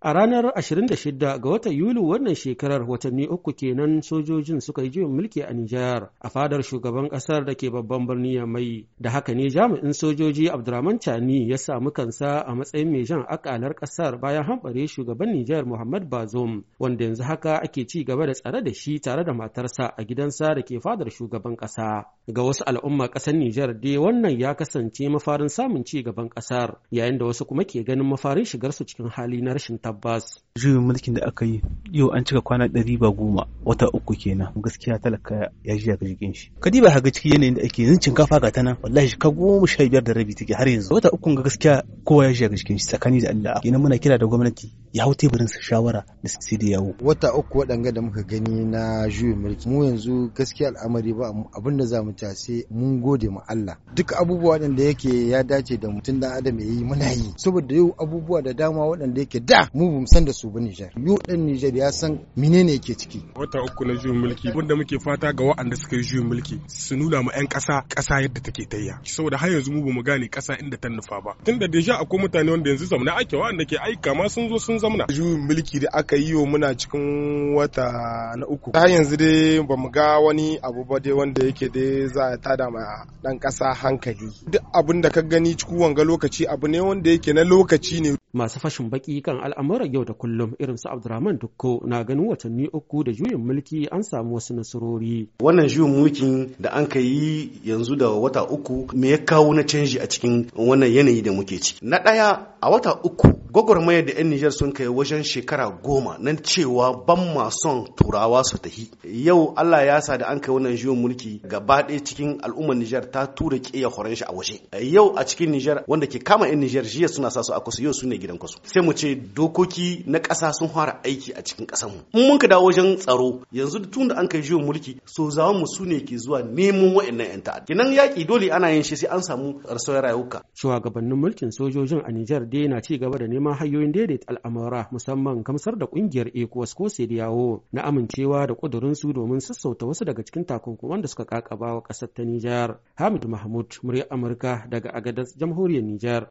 A ranar 26 ga watan Yuli wannan shekarar watanni uku kenan sojojin suka yi juyin mulki a Nijar a fadar shugaban ƙasar da ke babban birni mai da haka ne jami'in sojoji Abdurrahman Chani ya samu kansa a matsayin mai jan akalar ƙasar bayan hanbare shugaban Nijar Muhammad Bazoum wanda yanzu haka ake ci gaba da tsare da shi tare da matarsa a gidansa da ke fadar shugaban ƙasa. Ga wasu al'umma ƙasar Nijar dai wannan ya kasance mafarin samun ci gaban ƙasar yayin da wasu kuma ke ganin mafarin shigarsu cikin hali na rashin tabbas juyin mulkin da aka yi yau an cika kwana ɗari ba goma wata uku kenan gaskiya talaka ya ji daga jikin shi kadiba haga ciki yanayin da ake yanzu shinkafa ga tana. nan wallahi ka goma sha biyar da rabi take har yanzu wata uku ga gaskiya kowa ya ji daga jikin shi tsakani da Allah kenan muna kira da gwamnati ya hau su shawara da sai da yawo. Wata uku waɗanga da muka gani na juyin mulki mu yanzu gaskiya al'amari ba abin da za mu ta sai mun gode ma Allah. Duk abubuwa waɗanda yake ya dace da mutum da adam ya yi muna yi saboda yau abubuwa da dama waɗanda yake da mu bu san da su ba Nijar. Yau ɗan Nijar ya san menene yake ciki. Wata uku na juyin mulki wanda muke fata ga waɗanda suka yi juyin mulki su nuna ma 'yan ƙasa ƙasa yadda take tayya. Saboda har yanzu mu mu gane ƙasa inda ta nufa ba. Tunda deja akwai mutane wanda yanzu zamana ake waɗanda ke aika ma sun zo sun mun juyin mulki da aka yi wa muna cikin wata na uku Ta yanzu dai ba mu ga wani abu ba dai wanda yake dai za a tada ma dan kasa hankali duk abin da ka gani cikin wanga lokaci abu ne wanda yake na lokaci ne masu fashin baki kan al'amuran yau da kullum irin su Abdurrahman Dukko na ganin watanni uku da juyin mulki an samu wasu nasarori wannan juyin mulkin da an ka yi yanzu da wata uku me ya kawo na canji a cikin wannan yanayi da muke ciki na ɗaya a wata uku gwagwarmayar da 'yan Nijar sun kai wajen shekara goma nan cewa ban ma turawa su tahi yau Allah ya sa da an kai wannan juyin mulki gaba ɗaya cikin al'ummar Nijar ta tura ƙiya horon shi a waje yau a cikin Nijar wanda ke kama 'yan Nijar jiya suna sa su a kusa yau su ne gidan kusa sai mu ce dokoki na ƙasa sun fara aiki a cikin ƙasar mu in mun ka dawo wajen tsaro yanzu tun da an kai juyin mulki so zawan mu su ne ke zuwa neman wa'annan 'yan ta'ad. Kinan yaƙi dole ana yin shi sai an samu rasuwar rayuka shugabannin mulkin sojojin a Nijar dai na ci gaba da neman ma hanyoyin daidaita al'amura musamman gamsar da kungiyar ECOWAS ko Sediyawo na amincewa da kudurin su domin sassauta wasu daga cikin takunkuman da suka kakaba wa kasar ta Nijar. Hamid Mahmud, muryar Amurka daga agadas Jamhuriyar Nijar.